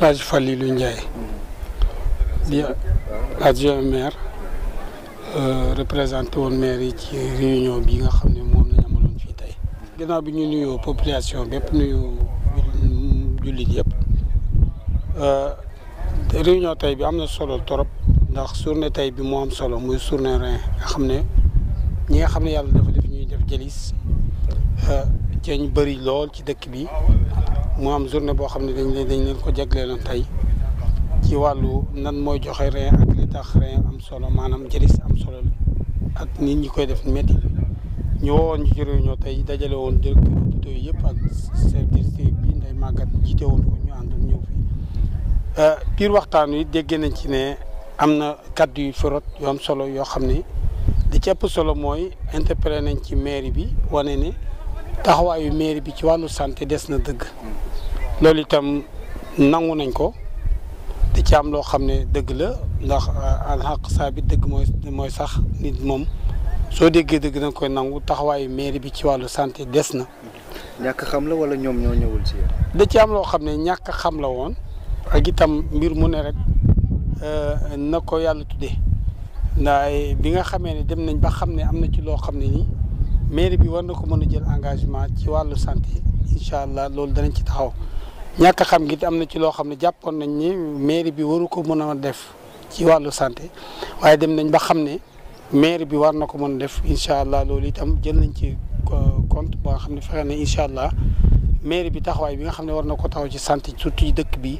El Hadj Falilou Ndiaye di adjoint maire euh, représenté woon maire ci réunion bi nga xam ne moom lañ amaloon fii tey ginnaaw bi ñu nuyoo population bépp nuyu jullit yëpp euh, réunion tey bi am na solo trop ndax journée tey bi moo am solo muy journée rein nga xam ne ñi nga xam ne yàlla dafa def ñuy def jëlis euh, ceeñ bëri lool ci dëkk bi mu am journée boo xam ne dañ leen dañ leen ko jagleeloon tey ci wàllu nan mooy joxe rein ak tax rein am solo maanaam jëlis am solo ak nit ñi koy def métti ñu woowoon ñu ci réunion tey dajale woon directeur hôpitaux yi yëpp ak service bi nday màggat jiite woon ko ñu àndul ñëw fii euh, biir waxtaan wi dégg nañ ci ne am na kàddu yu firot yu am solo yoo xam ne li ci solo mooy interpellé nañ ci mairie bi wane ne taxawaayu mairie bi ci wàllu santé des na dëgg loolu itam nangu nañ ko da ci am loo xam ne dëgg la ndax euh, alxaq saa bi dëgg mooy sax nit moom soo déggee dëgg nañ koy nangu taxawaayu mairie bi ci wàllu santé des na. ñàkk xam la wala ñoom ñoo ñëwul si yéen. da ci am loo xam ne ñàkk xam la woon ak itam mbir mu ne rek euh, na ko yàlla tuddee ndaay bi nga xamee ne dem nañ ba xam ne am na ci loo xam ne nii mairie bi war na ko mën a jël engagement ci wàllu santé incha allah loolu danañ ci taxaw. ñàkk xam gi am na ci loo xam ne jàppoon nañ ni mairie bi waru ko mën a def ci wàllu santé waaye dem nañ ba xam ne mairie bi war na ko mën a def incha allah loolu itam jël nañ ci euh, compte ba nga xam ne fexe na incha allah. mairie bi taxawaay bi nga xam ne war na ko taxaw ci sant surtout ci dëkk bi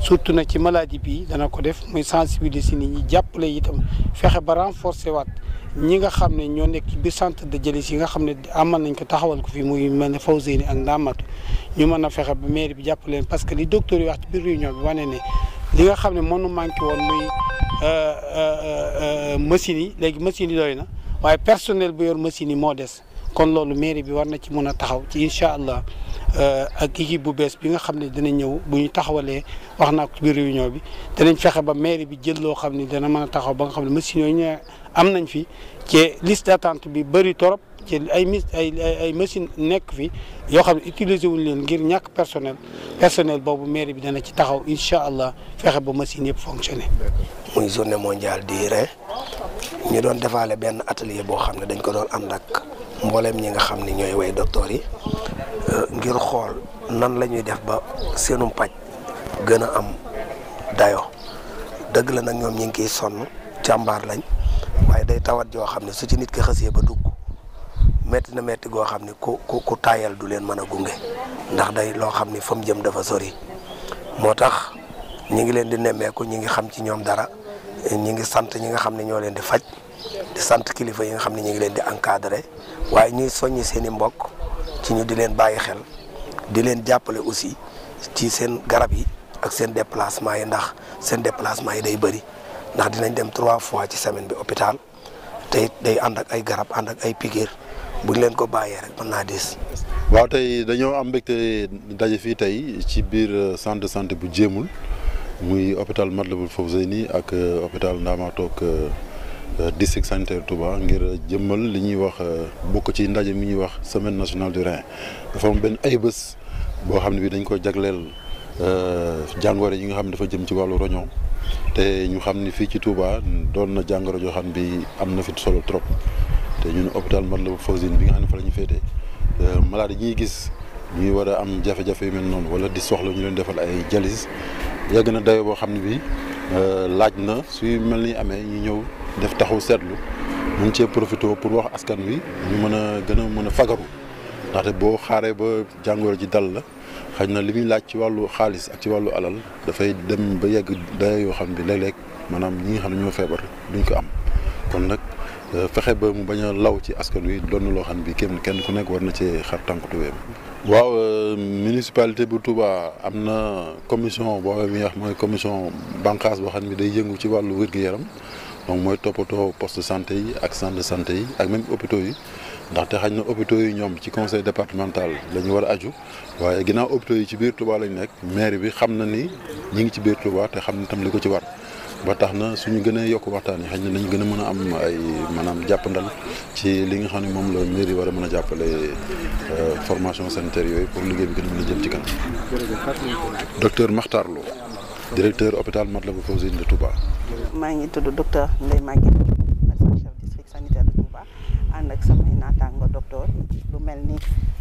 surtout na ci maladie bi dana ko def muy si nit ñi jàppale itam fexe ba renforcer waat ñi nga xam ne ñoo nekk ci biir centre de dialyse yi nga xam ne amal nañ ko taxawal ko fii muy mel ne Fawzeyni ak Ndamatu ñu mën a fexe ba mairie bi jàppale leen parce que li docteur yi wax ci biir réunion bi wane ne li nga xam ne mënu manqué woon muy euh, euh, euh, machines yi léegi machine yi doy na waaye personnel bu yor machines yi moo des kon loolu mairie bi na ci mën a taxaw ci incha allah Euh, ak kii équipe bu bees bi nga xam ne dina ñëw bu ñu taxawalee wax na ko ci réunion bi danañ fexe ba mairie bi jël loo xam ni dana mën a taxaw ba nga xam ne machines yooyu ñu am nañ fi ci liste d'attente bi bëri torop ci ay mis ay ay machine nekk fi yoo xam ne utiliser wuñ leen ngir ñàkk personnel personnel boobu mairie bi dana ci taxaw incha allah fexe ba machine yëpp fonctionner. muy journée mondiale du rein ñu doon defaale benn atelier boo xam ne dañ ko doon ànd ak mbooleem ñi nga xam ne ñooy way docteur yi euh, ngir xool nan la ñuy def ba seenum paj gën a am dayo dëgg la nag ñoom ñi ngi koy sonn càmbaar lañ waaye day tawat yoo xam ne su ci nit ki xësee ba dugg metti na metti goo xam ne ku ku ku taayal du leen mën a gunge ndax day loo xam ni fa mu jëm dafa sori moo tax ñi ngi leen di nemmeeku ñi ngi xam ci ñoom dara ñi ngi sant ñi nga xam ne ñoo leen di faj di sant kilifa yi nga xam ne ñu ngi leen di encadré waaye ñuy soññi seeni i mbokk ci ñu di leen bàyyi xel di leen jàppale aussi ci seen garab yi ak seen déplacement yi ndax seen déplacement yi day bëri ndax dinañ dem trois fois ci semaine bi hôpital te day ànd ak ay garab ànd ak ay piqûre buñ leen ko bàyyee rek mën naa diis. waaw tey dañoo am mbégte daje fii tey ci biir centre de santé bu jéemul. muy hôpital Matlaboul Fawzeyni ak euh, hôpital Ndamatook euh, euh, district sanitaire Touba ngir jëmmal li ñuy wax bokk ci ndaje mi ñuy wax semaine nationale du rein dafa am benn ay bés boo xam ne bi dañ ko jagleel jàngoro yi nga xam ne dafa jëm ci wàllu roño te ñu xam ni fii ci Touba doon na jàngoro joo xam bi am na fi solo trop te ñu ñun hôpital Matlaboul Fawzeyni bi nga xam ne fa la ñu féetee malade yi ñuy gis ñuy war a am jafe-jafe yu mel noonu wala di soxla ñu leen defal ay jalis yegg na dayo boo xam ne bii euh, laaj na suy mel ni amee ñu ñëw def taxaw seetlu mun cee profité pour wax askan wi ñu mën a gën a mën a fagaru ndaxte boo xaaree ba jàngoro ji dal la xëy na li muy laaj ci wàllu xaalis ak ci wàllu alal dafay dem ba yegg dayo yoo xam ne léeg-léeg maanaam ñi nga xam ne ñoo feebar duñ ko am kon nag euh, fexe ba mu bañ a law ci askan wi doon loo xam bi kenn ku nekk war na cee xar tànk tuweem waaw euh, municipalité bu Touba am na commission boobu bi nga mooy commission bànqaas boo xam ne day yëngu ci wàllu wér-gu-yaram donc mooy toppatoo poste de santé yi ak centre de santé yi ak même hôpitaux yi ndaxte xañ na hôpitaux yi ñoom ci conseil départemental la ñu war a aju waaye ginnaaw hôpitaux yi ci biir Touba lañ nekk maire bi xam na ni ñi ngi ci biir Touba te xam na tam li ko ci war ba tax na suñu gën a yokk waxtaan yi xëy na dañu gën a mën a am ay maanaam jàppandal ci li nga xam ne moom la mairie war a mën a jàppale euh, formation sanitaire yooyu pour liggéey bi gën a mën a jëm ci kanam. docteur Makhtar Lo directeur hôpital Matlaboul Fawzeyni de Touba. maa ngi tudd docteur Ndeye Maguette médecin chef district sanitaire de Touba ànd ak samay naataango lu mel ni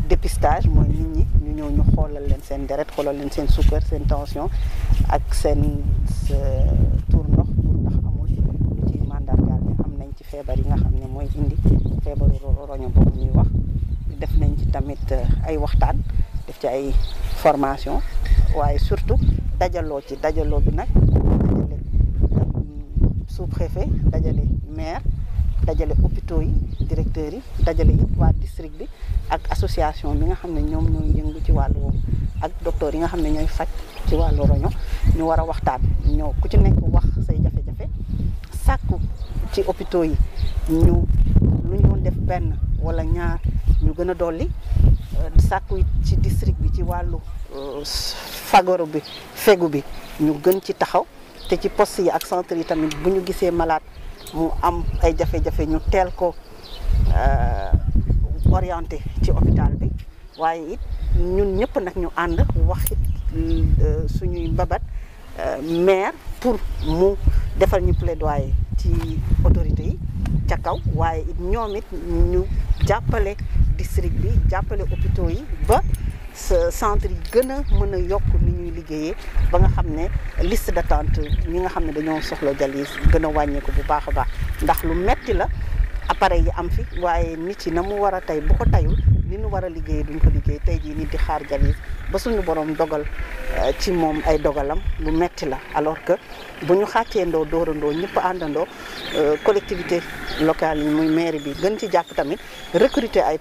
dépistage mooy nit ñi ñu ñëw ñu xoolal leen seen deret xoolal leen seen suukar seen tension ak seen. Euh, feebar yi nga xam ne mooy indi feebaru roño boobu ñuy wax def nañ ci tamit eh, ay waxtaan def ci ay formation waaye surtout dajaloo ci dajaloo bi nag dajale mm, sous-préfet dajale maire dajale hôpitaux yi directeurs yi dajale it waa district bi ak association bi nga xam ne ñoom ñooy yëngu ci wàllu ak docteur yi nga xam ne ñooy faj ci wàllu roño ñu war a waxtaan ñëw ku ci nekk wax say jafe-jafe sàkku ci hôpitaux yi ñu lu ñu def benn wala ñaar ñu gën a dolli euh, sàkku ci district bi ci wàllu euh, fagoro bi fegu bi ñu gën ci taxaw te ci poste yi ak centre yi tamit bu ñu gisee malaat mu am ay jafe-jafe ñu teel ko euh, orienté ci hôpital bi waaye it ñun ñëpp nag ñu ànd wax suñuy mbabat maire pour mu defal ñu plaidoyer ci autorité yi ca kaw waaye it ñoom it ñu jàppale district bi jàppale hôpitaux yi ba sa centre yi gën a mën a yokk ni ñuy liggéeyee ba nga xam ne liste d'attente ñi nga xam ne dañoo soxla dialyse gën a wàññeeku bu baax a baax ndax lu metti la appareil yi am fi waaye nit yi na mu war a tey bu ko tayul li ñu war a liggéey duñ ko liggéey tey jii nit di xaar jalis ba suñu borom dogal eh, ci moom ay dogalam lu metti la alors que bu ñu xàccee xàcceendoo dóorandoo ñëpp àndandoo eh, collectivité locale yi muy mairie bi gën ci jàpp tamit recruter ay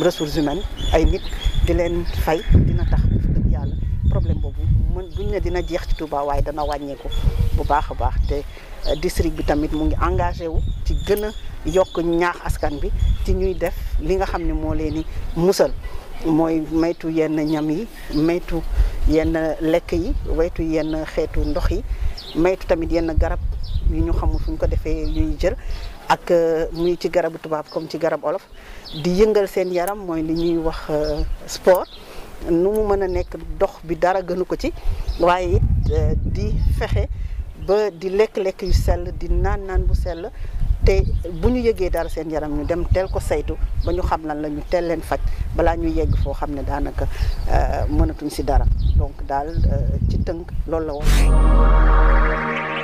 ressources humaines ay nit di leen fay dina tax dëgg yàlla problème boobu mën duñ ne dina jeex ci Touba waaye dana wàññeeku bu baax a baax te eh, district bi tamit mu ngi engagé wu ci gëna yokk ñaax askan bi ci ñuy def li nga xam ne moo leen di musal mooy maytu yenn ñam yi maytu yenn lekk yi waytu yenn xeetu ndox yi maytu tamit yenn garab yu ñu xamul fu ñu ko defee yuy jël ak euh, muy ci garabu tubaab comme ci garab olof di yëngal seen yaram mooy li ñuy wax euh, sport nu mu mën a nekk dox bi dara gënu ko ci waaye it euh, di fexe ba di lekk-lekk yu sell di naan naan bu sell te bu ñu yëgee dara seen yaram ñu dem teel ko saytu ba ñu xam lan lañu ñu teel leen faj balaa ñuy yegg foo xam ne daanaka euh, mënatuñ si dara donc daal euh, ci tënk loolu la woon.